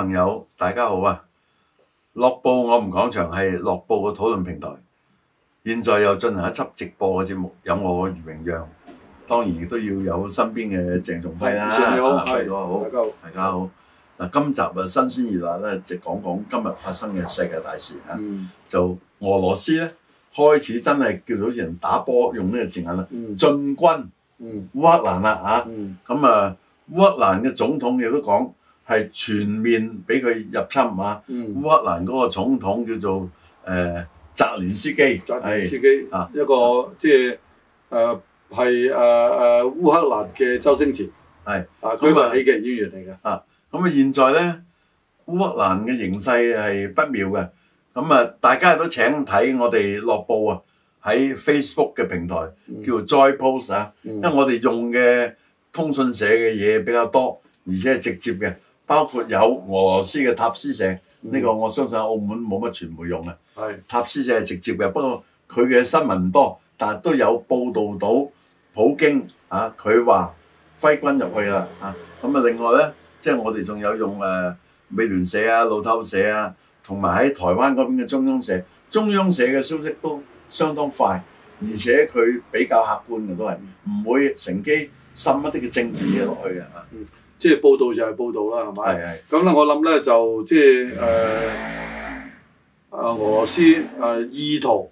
朋友，大家好啊！樂報我哋講場，係樂報嘅討論平台。現在又進行一輯直播嘅節目，有我余榮陽，當然亦都要有身邊嘅鄭重輝啦。鄭，你好，係大家好，是的大家好。嗱的、啊，今集啊新鮮熱辣咧，就係講講今日發生嘅世界大事啊。是的就俄羅斯咧，開始真係叫做人打波，用呢個字眼啦，嗯、進軍、嗯、烏克蘭啦啊。咁、嗯、啊，烏克蘭嘅總統亦都講。係全面俾佢入侵嘛？烏克蘭嗰個總統叫做誒澤連斯基，澤連斯基啊，一個即係誒係誒誒烏克蘭嘅周星馳，係是啊，佢係喜劇演員嚟嘅。嚇。咁啊，現在咧，烏克蘭嘅形勢係不妙嘅。咁啊，大家都請睇我哋樂報啊，喺 Facebook 嘅平台、嗯、叫做《再 post 啊，嗯、因為我哋用嘅通訊社嘅嘢比較多，而且係直接嘅。包括有俄羅斯嘅塔斯社，呢、嗯、個我相信澳門冇乜傳媒用啊。是塔斯社係直接嘅，不過佢嘅新聞唔多，但係都有報導到普京啊，佢話揮軍入去啦啊。咁啊，另外咧，即、就、係、是、我哋仲有用誒、啊、美聯社啊、路透社啊，同埋喺台灣嗰邊嘅中央社，中央社嘅消息都相當快，而且佢比較客觀嘅都係唔會乘機滲一啲嘅政治嘢落去嘅嚇。啊嗯即係報道就係報道啦，係咪？咁咧是，我諗咧就即係誒誒俄羅斯誒、呃、意圖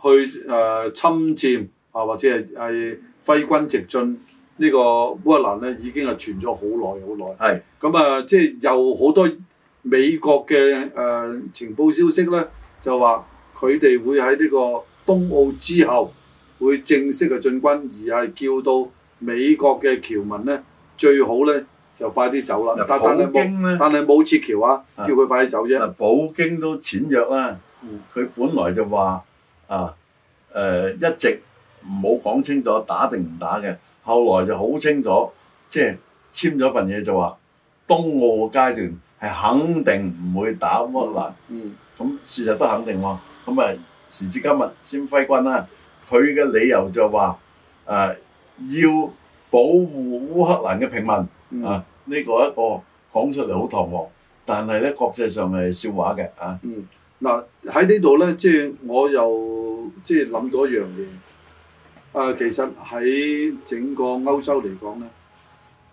去誒、呃、侵佔啊，或者係係揮軍直進呢個烏克蘭咧，已經係傳咗好耐好耐。咁啊是是、呃，即係有好多美國嘅、呃、情報消息咧，就話佢哋會喺呢個冬奧之後會正式嘅進軍，而係叫到美國嘅僑民咧最好咧。就快啲走啦！但係冇，但係冇設橋啊！叫佢快啲走啫。普京都簽約啦，佢、嗯、本來就話啊，誒、呃、一直唔好講清楚打定唔打嘅，後來就好清楚，即係簽咗份嘢就話冬奧階段係肯定唔會打烏克蘭。咁、嗯、事實都肯定喎。咁、啊、咪時至今日先揮軍啦、啊。佢嘅理由就話誒、啊、要保護烏克蘭嘅平民、嗯、啊！呢個一個講出嚟好堂皇，但係咧國際上係笑話嘅啊！嗯，嗱喺呢度咧，即係我又即係諗到一樣嘢，誒，啊，其實喺整個歐洲嚟講咧，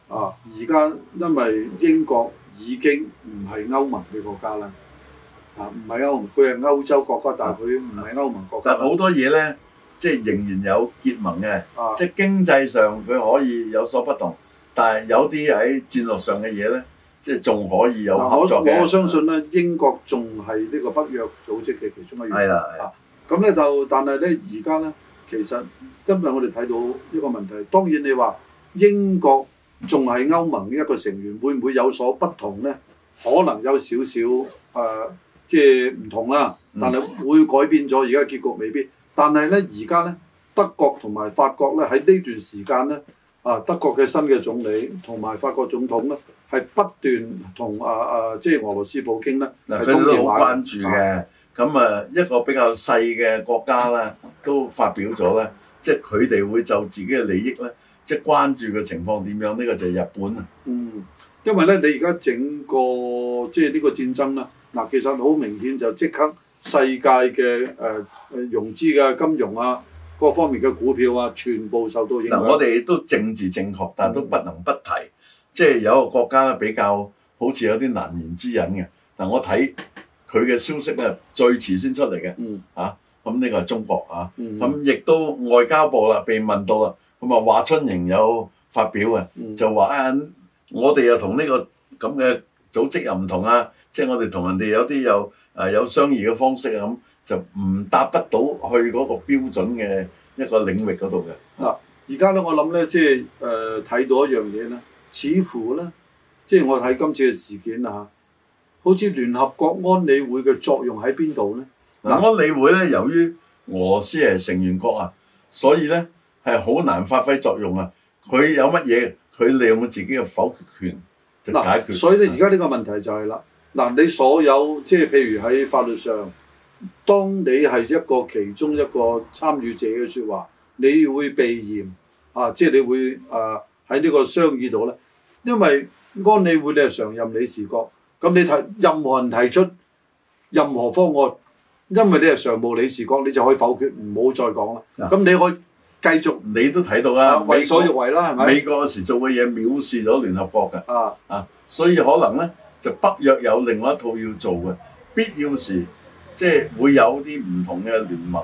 啊，而家因為英國已經唔係歐盟嘅國家啦，啊，唔係歐盟，佢係歐洲國家，但係佢唔係歐盟國家。但好多嘢咧，即係仍然有結盟嘅，啊，即係經濟上佢可以有所不同。但係有啲喺戰略上嘅嘢咧，即係仲可以有合作嘅我，我相信咧，是英國仲係呢個北約組織嘅其中一個。係啦，咁咧、啊、就，但係咧而家咧，其實今日我哋睇到一個問題。當然你話英國仲係歐盟嘅一個成員，會唔會有所不同咧？可能有少少誒，即係唔同啦。但係會改變咗而家結局未必。但係咧，而家咧德國同埋法國咧喺呢段時間咧。啊，德國嘅新嘅總理同埋法國總統咧，係不斷同啊啊，即、啊、係、就是、俄羅斯普京咧，係都好關注嘅。咁啊，一個比較細嘅國家咧，都發表咗咧，即係佢哋會就自己嘅利益咧，即、就、係、是、關注嘅情況點樣？呢、這個就係日本啊。嗯，因為咧，你而家整個即係呢個戰爭啦，嗱、啊，其實好明顯就即刻世界嘅誒誒融資嘅、啊、金融啊。各方面嘅股票啊，全部受到影響。我哋都政治正確，但都不能不提，嗯、即係有一個國家咧，比較好似有啲難言之隱嘅。但我睇佢嘅消息咧，最遲先出嚟嘅，咁呢、嗯啊呢個係中國啊，咁亦、嗯啊、都外交部啦被問到啦，咁啊華春瑩有發表、嗯、啊，就話啊我哋又同呢、呢個咁嘅組織又唔同啊。即係我哋同人哋有啲有誒有相異嘅方式啊，咁就唔達得到去嗰個標準嘅一個領域嗰度嘅。啊，而家咧我諗咧，即係誒睇到一樣嘢啦，似乎咧，即係我睇今次嘅事件啊，好似聯合國安理會嘅作用喺邊度咧？嗱，安理會咧，由於俄羅斯係成員國啊，所以咧係好難發揮作用啊。佢有乜嘢，佢利用自己嘅否決權就解決。啊，所以咧，而家呢個問題就係、是、啦。嗱，你所有即係譬如喺法律上，當你係一個其中一個參與者嘅説話，你會避嫌啊，即係你會啊喺呢個商議度咧，因為安理會你係常任理事國，咁你提任何人提出任何方案，因為你係常務理事國，你就可以否決，唔好再講啦。咁、啊、你可以繼續，你都睇到啦，為所欲為啦，係咪？美國嗰時做嘅嘢藐視咗聯合國嘅啊啊，所以可能咧。北約有另外一套要做嘅，必要時即係、就是、會有啲唔同嘅聯盟，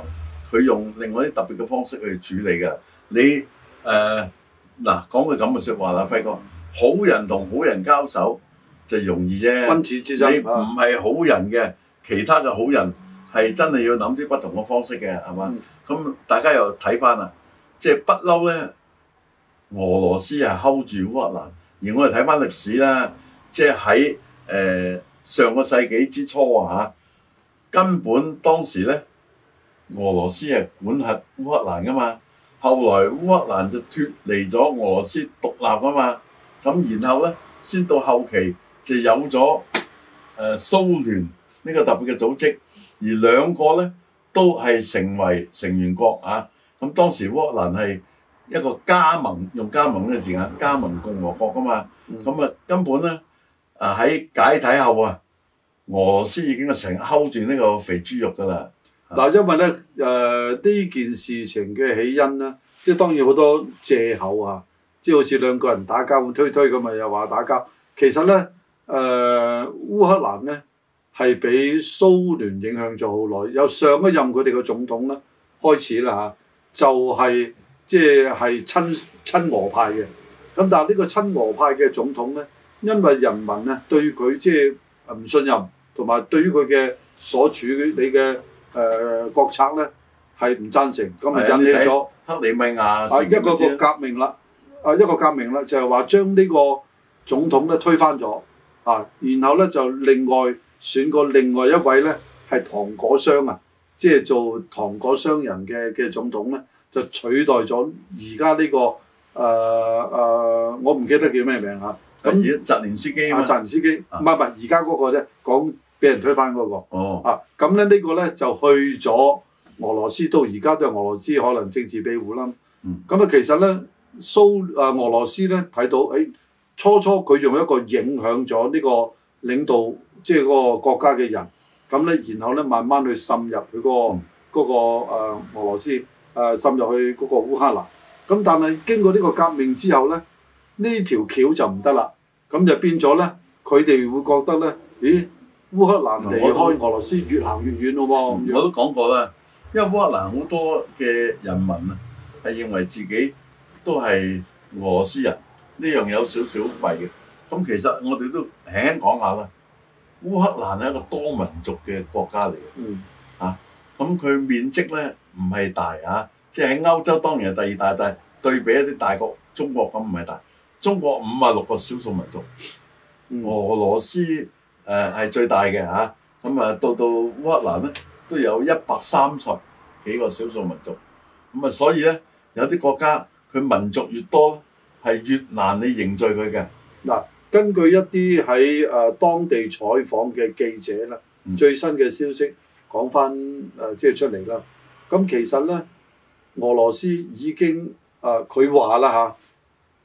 佢用另外啲特別嘅方式去處理嘅。你誒嗱講句咁嘅説話啦，輝哥，好人同好人交手就容易啫。君子之手、啊，你唔係好人嘅，其他嘅好人係真係要諗啲不同嘅方式嘅，係嘛？咁、嗯、大家又睇翻啦，即係不嬲咧，俄羅斯係睺住烏克蘭，而我哋睇翻歷史啦，即係喺～誒、呃、上個世紀之初啊，根本當時咧，俄羅斯係管轄烏克蘭噶嘛，後來烏克蘭就脫離咗俄羅斯獨立噶嘛，咁然後咧，先到後期就有咗誒、呃、蘇聯呢個特別嘅組織，而兩個咧都係成為成員國啊，咁當時烏克蘭係一個加盟用加盟嘅字眼，加盟共和國噶嘛，咁啊根本咧。啊！喺解體後啊，俄羅斯已經成日睺住呢個肥豬肉㗎喇。嗱，因為咧誒呢、呃、件事情嘅起因啦，即係當然好多借口啊，即係好似兩個人打交咁推推咁啊，又話打交。其實咧誒烏克蘭咧係俾蘇聯影響咗好耐，由上一任佢哋嘅總統咧開始啦嚇，就係、是、即係係親親俄派嘅。咁但係呢個親俄派嘅總統咧，因為人民咧對佢即係唔信任，同埋對於佢嘅所處你嘅誒、呃、國策咧係唔贊成，咁就引起咗克里米亞一個個革命啦，啊一個革命啦、啊，就係話將呢個總統咧推翻咗啊，然後咧就另外選過另外一位咧係糖果商啊，即、就、係、是、做糖果商人嘅嘅總統咧，就取代咗而家呢個誒誒、呃呃，我唔記得叫咩名啦。咁，澤連斯基啊，澤連斯基，唔係唔係，而家嗰個啫，講俾人推翻嗰、嗰個。哦。啊，咁咧呢個咧就去咗俄羅斯，到而家都係俄羅斯，可能政治庇護啦。咁、嗯、啊，其實咧蘇啊俄羅斯咧睇到，誒、欸、初初佢用一個影響咗呢個領導，即係嗰個國家嘅人。咁咧，然後咧，慢慢去滲入佢、嗰個、嗯嗰個嗰、啊、俄羅斯，誒、啊、滲入去嗰個烏克蘭。咁但係經過呢個革命之後咧。呢條橋就唔得啦，咁就變咗咧，佢哋會覺得咧，咦？烏克蘭離開俄羅斯越行越遠喎。嗯、我都講過啦，因為烏克蘭好多嘅人民啊，係認為自己都係俄羅斯人，呢樣有少少弊嘅。咁其實我哋都輕輕講下啦。烏克蘭係一個多民族嘅國家嚟嘅，嗯，嚇、啊，咁佢面積咧唔係大嚇、啊，即係喺歐洲當然係第二大、大，但係對比一啲大國中國咁唔係大。中國五啊六個少數民族，俄羅斯誒係最大嘅嚇，咁啊到到烏克蘭咧都有一百三十幾個少數民族，咁啊所以咧有啲國家佢民族越多，係越難你凝聚佢嘅。嗱，根據一啲喺誒當地採訪嘅記者咧，嗯、最新嘅消息講翻誒即係出嚟啦。咁其實咧，俄羅斯已經誒佢話啦嚇。他說了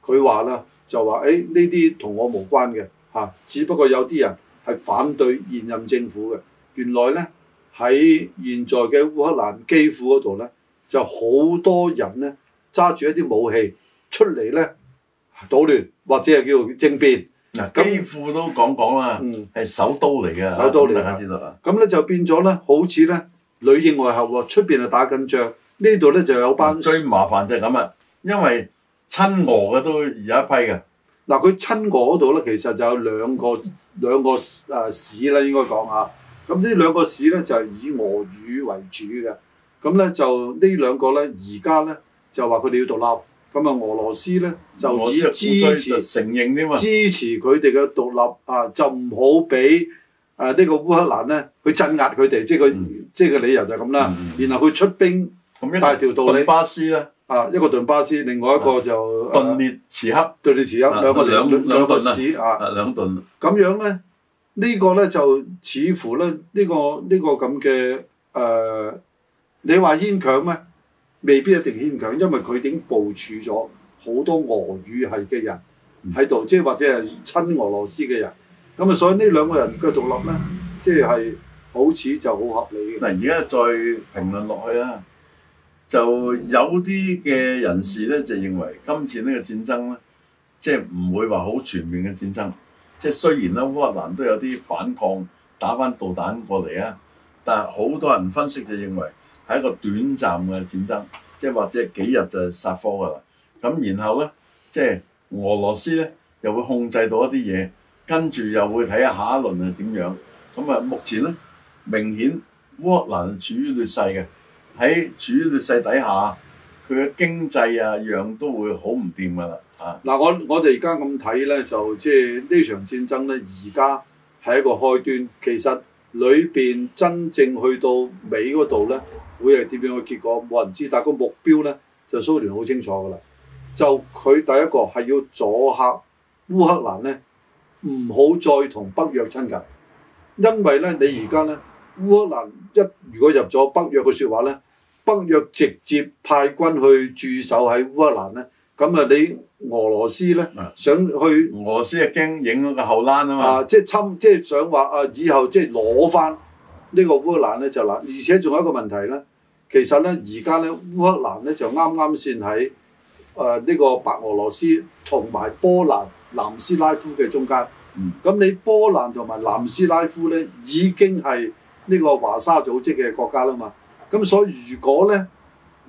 佢話啦，就話誒呢啲同我無關嘅嚇，只不過有啲人係反對現任政府嘅。原來咧喺現在嘅烏克蘭基輔嗰度咧，就好多人咧揸住一啲武器出嚟咧，搗亂或者係叫做政變。嗱，基輔都講講啦，係、嗯、首都嚟嘅、嗯，首都嚟啊，大家知道啦。咁咧就變咗咧，好似咧女應外合喎，出邊啊打緊仗，呢度咧就有班所以麻煩就係咁啊，因為。親俄嘅都而有一批嘅，嗱，佢親俄嗰度咧，其實就有兩個兩個誒市、啊、啦，應該講下。咁呢兩個市咧就係以俄語為主嘅。咁咧就兩呢兩個咧而家咧就話佢哋要獨立。咁啊，俄羅斯咧就只支持、承認支持佢哋嘅獨立啊，就唔好俾誒呢個烏克蘭咧去鎮壓佢哋，即係佢即係個理由就係咁啦。嗯、然後佢出兵帶條道理巴斯咧。啊，一個頓巴斯，另外一個就、啊啊、頓涅茨克，頓涅茨克、啊、兩個兩頓兩個市啊，兩頓咁樣咧，呢、這個咧就似乎咧、這、呢個呢、這個咁嘅誒，你話牽強咩？未必一定牽強，因為佢已經部署咗好多俄語系嘅人喺度，即係、嗯、或者係親俄羅斯嘅人。咁啊，所以呢兩個人嘅獨立咧，即、就、係、是、好似就好合理嘅。嗱，而家再評論落去啦。就有啲嘅人士咧就認為，今次呢個戰爭咧，即係唔會話好全面嘅戰爭。即係雖然呢，烏克蘭都有啲反抗，打翻導彈過嚟啊，但係好多人分析就認為係一個短暫嘅戰爭，即係或者幾日就殺科㗎啦。咁然後咧，即係俄羅斯咧又會控制到一啲嘢，跟住又會睇下下一輪係點樣。咁啊，目前咧明顯烏克蘭處於劣勢嘅。喺處於劣勢底下，佢嘅經濟啊樣都會好唔掂噶啦嚇。嗱、啊，我我哋而家咁睇咧，就即係呢場戰爭咧，而家係一個開端。其實裏邊真正去到尾嗰度咧，會係點樣嘅結果冇人知。但係個目標咧，就蘇聯好清楚噶啦。就佢第一個係要阻嚇烏克蘭咧，唔好再同北約親近，因為咧你而家咧烏克蘭一如果入咗北約嘅説話咧。北約直接派軍去駐守喺烏克蘭咧，咁啊你俄羅斯咧想去、啊、俄羅斯了、啊，係驚影響個後欄啊嘛，即、就、係、是、侵，即、就、係、是、想話啊以後即係攞翻呢個烏克蘭咧就難，而且仲有一個問題咧，其實咧而家咧烏克蘭咧就啱啱先喺誒呢個白俄羅斯同埋波蘭、南斯拉夫嘅中間，咁、嗯、你波蘭同埋南斯拉夫咧已經係呢個華沙組織嘅國家啦嘛。咁所以如果咧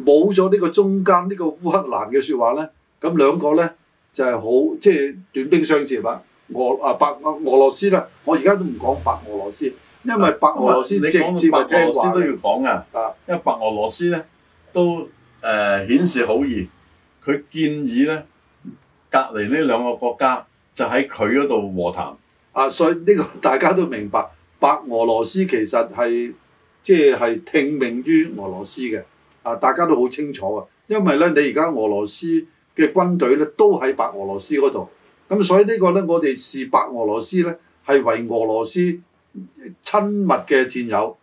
冇咗呢個中間呢、這個烏克蘭嘅說話咧，咁兩個咧就係、是、好即係短兵相接啦、啊。俄啊白俄羅斯呢，我而家都唔講白俄羅斯，因為白俄羅斯直接咪聽話。你講到白俄羅斯都要講啊，的因為白俄羅斯咧都誒顯、呃、示好意，佢建議咧隔離呢兩個國家就喺佢嗰度和談啊，所以呢個大家都明白白俄羅斯其實係。即係聽命於俄羅斯嘅，啊，大家都好清楚啊。因為咧，你而家俄羅斯嘅軍隊咧都喺白俄羅斯嗰度，咁所以個呢個咧，我哋視白俄羅斯咧係為俄羅斯親密嘅戰友，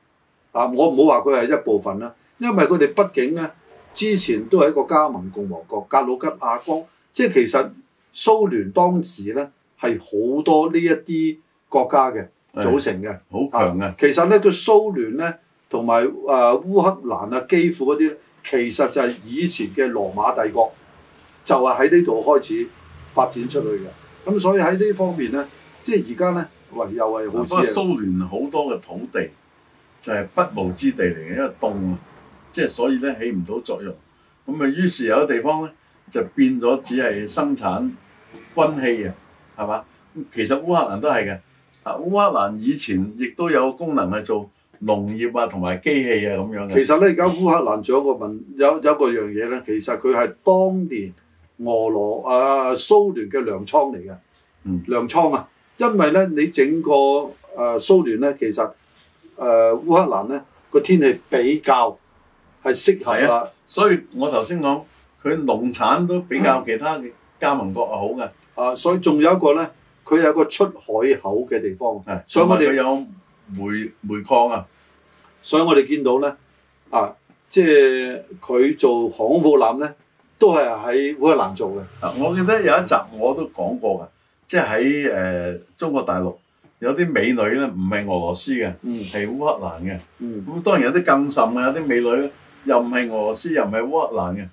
啊，我唔好話佢係一部分啦，因為佢哋畢竟咧之前都係一個加盟共和國，格魯吉亞國，即係其實蘇聯當時咧係好多呢一啲國家嘅組成嘅，好強嘅。其實咧，佢蘇聯咧。同埋啊，烏克蘭啊，基輔嗰啲其實就係以前嘅羅馬帝國，就係喺呢度開始發展出去嘅。咁所以喺呢方面咧，即係而家咧，喂，又係好似蘇聯好多嘅土地就係不毛之地嚟嘅，因為凍啊，即係所以咧起唔到作用。咁啊，於是有啲地方咧就變咗只係生產軍器啊，係嘛？其實烏克蘭都係嘅。啊，烏克蘭以前亦都有個功能去做。農業啊，同埋機器啊，咁樣嘅。其實咧，而家烏克蘭仲有一個問題，有有一個樣嘢咧。其實佢係當年俄羅啊蘇聯嘅糧倉嚟嘅，嗯，糧倉啊。因為咧，你整個誒蘇聯咧，其實誒烏克蘭咧個天氣比較係適合啊，所以我頭先講佢農產都比較其他嘅加盟國好嘅。啊、嗯呃，所以仲有一個咧，佢有個出海口嘅地方，係，所以我哋。有。煤煤礦啊，所以我哋見到咧，啊，即係佢做航空母艦咧，都係喺烏克蘭做嘅。啊，我記得有一集我都講過嘅，即係喺誒中國大陸有啲美女咧，唔係俄羅斯嘅，係烏克蘭嘅。嗯，咁當然有啲更甚嘅，有啲美女咧，又唔係俄羅斯，又唔係烏克蘭嘅，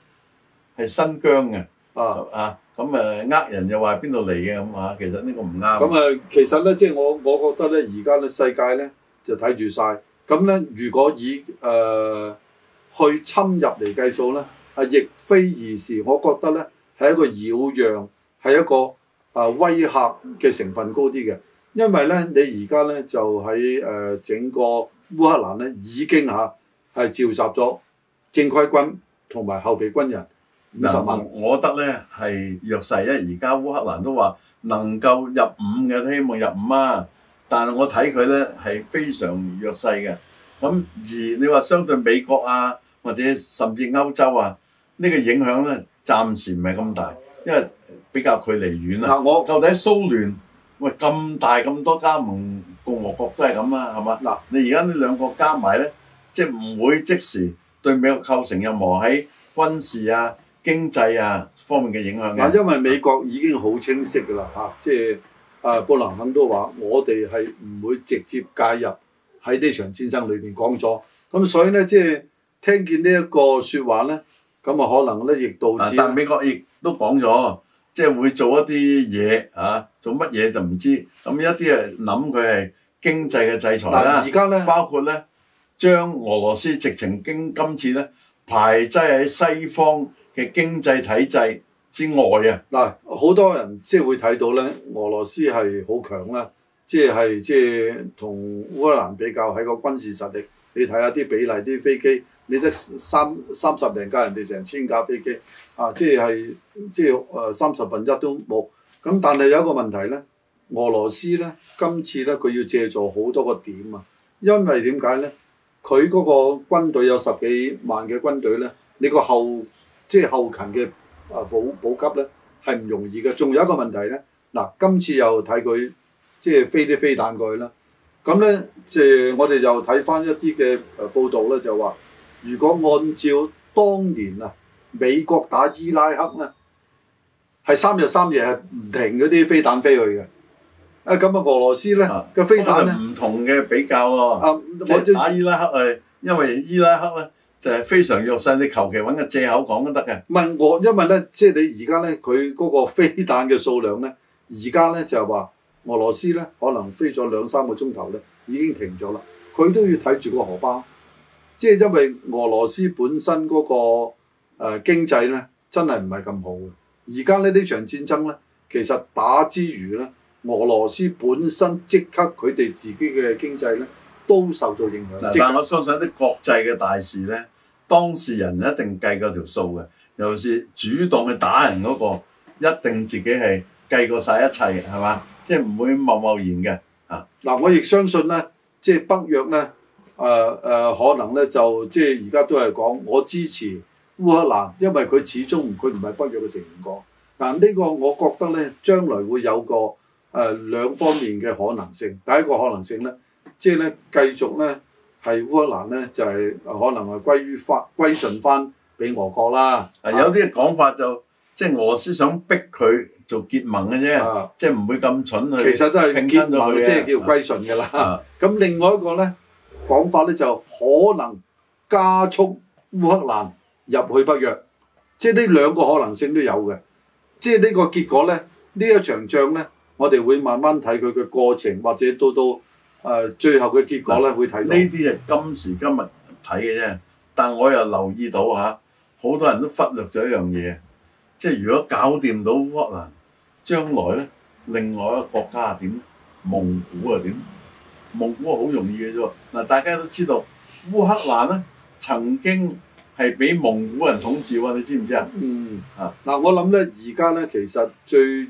係新疆嘅，啊。啊啊！咁呃人又話係邊度嚟嘅咁啊？其實呢個唔啱。咁其實咧，即係我，我覺得咧，而家咧，世界咧就睇住晒。咁咧，如果以誒、呃、去侵入嚟計數咧，啊，亦非而是。我覺得咧，係一個擾攘，係一個啊威嚇嘅成分高啲嘅。因為咧，你而家咧就喺整個烏克蘭咧已經吓係召集咗正規軍同埋後備軍人。萬，我覺得咧係弱勢，因為而家烏克蘭都話能夠入伍嘅希望入伍啊。但係我睇佢咧係非常弱勢嘅。咁而你話相對美國啊，或者甚至歐洲啊，呢個影響咧暫時唔係咁大，因為比較距離遠啊。我舊底蘇聯喂咁大咁多加盟共和國都係咁啊，係嘛？嗱，你而家呢兩個加埋咧，即係唔會即時對美國構成任何喺軍事啊。經濟啊方面嘅影響嗱，因為美國已經好清晰㗎啦嚇，即係啊布林肯都話：我哋係唔會直接介入喺呢場戰爭裏邊。講咗咁，所以咧即係聽見這說呢一個説話咧，咁啊可能咧亦導致，但係美國亦都講咗，即係會做一啲嘢啊，做乜嘢就唔知。咁一啲係諗佢係經濟嘅制裁啦。而家咧包括咧將俄羅斯直情經今次咧排擠喺西方。嘅經濟體制之外啊，嗱，好多人即係會睇到咧，俄羅斯係好強啦，即係即係同烏克蘭比較喺個軍事實力，你睇下啲比例啲飛機，你得三三十零架人，人哋成千架飛機，啊，即係即係誒三十分一都冇。咁但係有一個問題咧，俄羅斯咧今次咧佢要借助好多個點啊，因為點解咧？佢嗰個軍隊有十幾萬嘅軍隊咧，你個後即係後勤嘅啊補補給咧係唔容易嘅，仲有一個問題咧嗱，今次又睇佢即係飛啲飛彈過去啦。咁咧即係我哋又睇返一啲嘅誒報道咧，就話如果按照當年啊美國打伊拉克咧係三日三夜係唔停嗰啲飛彈飛去嘅，啊咁啊俄羅斯咧嘅飛彈唔同嘅比較喎，啊，即係打伊拉克係，因為伊拉克咧。嗯就係非常弱勢，你求其揾個藉口講都得嘅。問我，因為咧，即係你而家咧，佢嗰個飛彈嘅數量咧，而家咧就係話俄羅斯咧，可能飛咗兩三個鐘頭咧，已經停咗啦。佢都要睇住個荷包，即係因為俄羅斯本身嗰個誒經濟咧，真係唔係咁好嘅。而家咧呢場戰爭咧，其實打之餘咧，俄羅斯本身即刻佢哋自己嘅經濟咧都受到影響。但，我相信啲國際嘅大事咧。當事人一定計過條數嘅，尤其是主動去打人嗰個，一定自己係計過晒一切，係嘛？即係唔會貿貿然嘅。嗱，我亦相信咧，即係北約咧，誒誒，可能咧就即係而家都係講我支持烏克蘭，因為佢始終佢唔係北約嘅成員國。嗱，呢個我覺得咧，將來會有個誒兩方面嘅可能性。第一個可能性咧，即係咧繼續咧。係烏克蘭咧，就係、是、可能係歸於返歸順返俾俄國啦。啊，有啲講法就即係俄斯想逼佢做結盟嘅啫，啊、即係唔會咁蠢去。其實都係結盟，即係叫歸順嘅啦。咁、啊啊、另外一個咧講法咧就可能加速烏克蘭入去北約，即係呢兩個可能性都有嘅。即係呢個結果咧，呢一場仗咧，我哋會慢慢睇佢嘅過程，或者多多。誒最後嘅結果咧，會睇到呢啲係今時今日睇嘅啫。但我又留意到嚇，好多人都忽略咗一樣嘢，即係如果搞掂到烏克蘭，將來咧，另外一個國家係點蒙古啊，點蒙古啊好容易嘅啫。嗱，大家都知道烏克蘭咧曾經係俾蒙古人統治喎，你知唔知啊、嗯、啊？嗯。嚇！嗱，我諗咧，而家咧其實最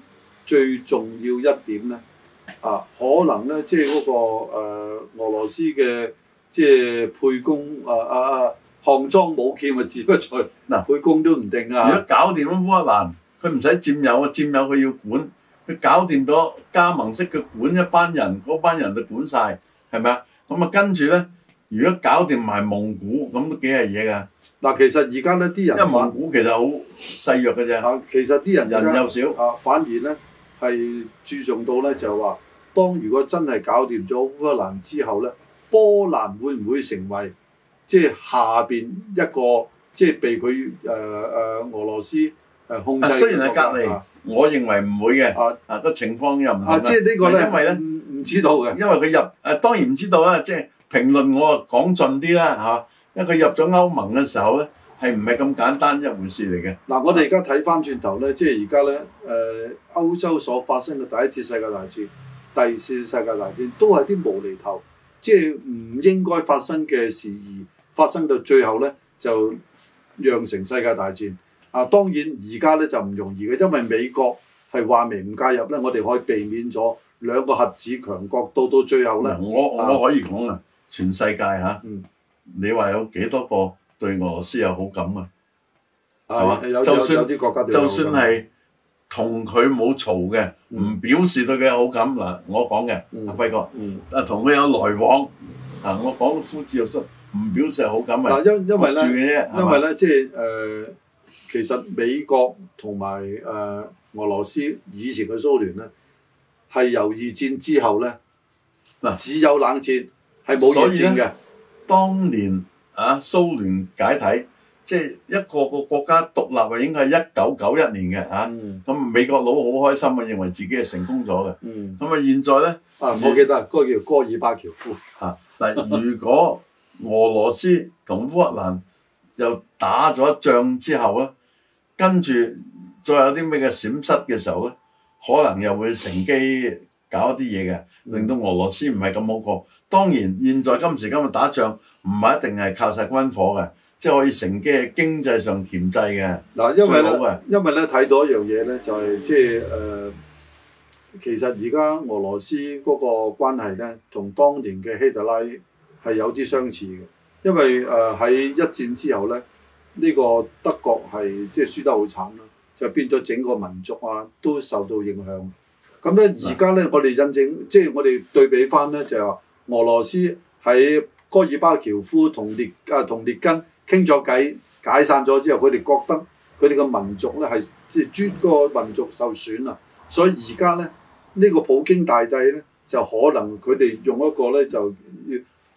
最重要一點咧。啊，可能咧，即係、那、嗰個、呃、俄羅斯嘅，即係沛公啊啊啊，項、啊、莊舞劍咪志不過在嗱沛公都唔定啊。如果搞掂咗烏克蘭，佢唔使佔有啊，佔有佢要管，佢搞掂咗加盟式嘅管一班人，嗰班人就管晒，係咪啊？咁、嗯、啊跟住咧，如果搞掂埋蒙古，咁都幾係嘢㗎。嗱、啊，其實而家呢啲人因為蒙古其實好細弱嘅啫、啊，其實啲人人又少啊，反而咧。係注重到咧，就係、是、話，當如果真係搞掂咗烏克蘭之後咧，波蘭會唔會成為即係、就是、下面一個即係、就是、被佢誒誒俄羅斯誒控制嘅、啊、雖然係隔籬，啊、我認為唔會嘅。啊，個情況又唔係。即係呢個咧，因為咧唔知道嘅。因為佢入誒當然唔知道啦，即係評論我講盡啲啦嚇，因為佢入咗歐盟嘅時候咧。係唔係咁簡單一回事嚟嘅？嗱、啊，我哋而家睇翻轉頭咧，即係而家咧，誒、呃，歐洲所發生嘅第一次世界大戰、第二次世界大戰，都係啲無厘頭，即係唔應該發生嘅事而發生到最後咧，就釀成世界大戰。啊，當然而家咧就唔容易嘅，因為美國係話明唔介入咧，我哋可以避免咗兩個核子強國到到最後咧。我我可以講啊，全世界嚇，啊嗯、你話有幾多個？對俄羅斯有好感啊，係嘛？就算係同佢冇嘈嘅，唔表示對佢有好感嗱。我講嘅，阿輝哥，啊同佢有來往啊，我講呼之欲出，唔表示好感啊。因因為咧，因為咧，即係誒，其實美國同埋誒俄羅斯以前嘅蘇聯咧，係由二戰之後咧，嗱只有冷戰係冇熱戰嘅，當年。啊，蘇聯解體，即係一個個國家獨立應是年的、嗯、啊，應該係一九九一年嘅啊。咁美國佬好開心啊，認為自己係成功咗嘅。咁啊、嗯，現在咧啊，我記得嗰、那個叫戈爾巴喬夫 啊。嗱，如果俄羅斯同烏克蘭又打咗仗之後咧，跟住再有啲咩嘅閃失嘅時候咧，可能又會乘機。搞一啲嘢嘅，令到俄羅斯唔係咁好過。當然，現在今時今日打仗唔係一定係靠晒軍火嘅，即係可以乘機係經濟上鉗制嘅。嗱，因為咧，因為咧，睇到一樣嘢咧，就係即係誒，其實而家俄羅斯嗰個關係咧，同當年嘅希特拉係有啲相似嘅。因為誒喺一戰之後咧，呢個德國係即係輸得好慘啦，就變咗整個民族啊都受到影響。咁咧，而家咧，我哋印證，即係我哋對比翻咧，就係話俄羅斯喺戈爾巴喬夫同列啊同列根傾咗偈解散咗之後，佢哋覺得佢哋個民族咧係即係專個民族受損啊，所以而家咧呢個普京大帝咧就可能佢哋用一個咧就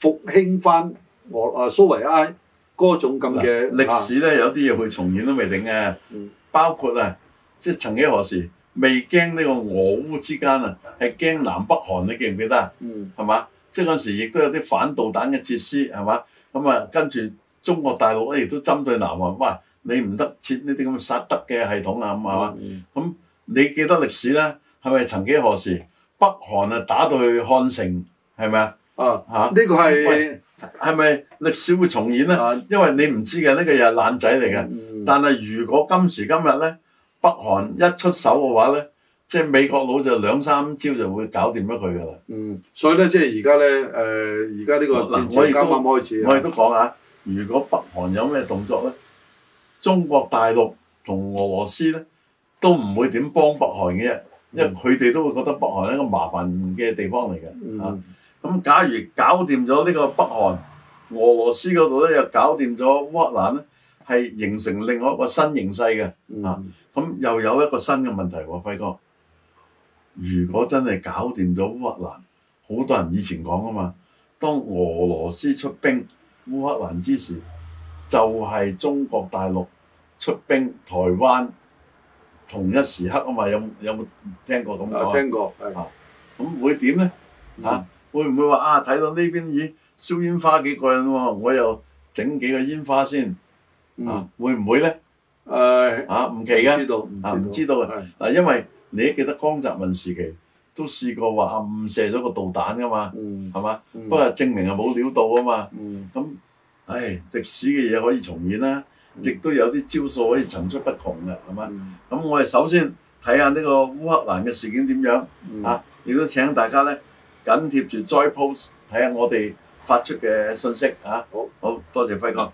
復興翻俄啊蘇維埃嗰種咁嘅、嗯、歷史咧，有啲嘢去重演都未定啊，嗯、包括啊，即係曾幾何時，未驚呢個俄烏之間啊，係驚南北韓你記唔記得啊、嗯？嗯，係嘛？即係嗰陣時亦都有啲反導彈嘅設施係嘛？咁啊，跟住中國大陸咧亦都針對南韓，喂，你唔得設呢啲咁嘅薩德嘅系統啊咁係嘛？咁、嗯嗯、你記得歷史咧，係咪曾幾何時北韓啊打到去漢城係咪啊？啊、這個，嚇呢個係係咪歷史會重演咧？啊、因為你唔知嘅呢、這個又係爛仔嚟嘅。嗯、但係如果今時今日咧？北韓一出手嘅話咧，即係美國佬就兩三招就會搞掂咗佢噶啦。嗯，所以咧即係而家咧，誒而家呢個戰情、嗯、開始我。我哋都講下。如果北韓有咩動作咧，中國大陸同俄羅斯咧都唔會點幫北韓嘅，因為佢哋都會覺得北韓係一個麻煩嘅地方嚟嘅嚇。咁、嗯啊、假如搞掂咗呢個北韓，俄羅斯嗰度咧又搞掂咗烏克蘭咧。係形成另外一個新形勢嘅，嗯、啊咁又有一個新嘅問題喎，輝哥。如果真係搞掂咗烏克蘭，好多人以前講啊嘛。當俄羅斯出兵烏克蘭之時，就係中國大陸出兵台灣同一時刻啊嘛。有有冇聽過咁講？聽過，係啊。咁會點咧？啊會唔會話啊？睇、啊、到呢邊咦，燒煙花幾個人喎、啊？我又整幾個煙花先。嗯，會唔會咧？誒，啊，唔奇嘅，啊，唔知道嘅。嗱，因為你記得江澤民時期都試過話暗射咗個導彈噶嘛，係嘛？不過證明係冇料到啊嘛。咁，唉，歷史嘅嘢可以重演啦，亦都有啲招數可以層出不窮嘅，係嘛？咁我哋首先睇下呢個烏克蘭嘅事件點樣。啊，亦都請大家咧緊貼住 join post 睇下我哋發出嘅信息。嚇，好好，多謝輝哥。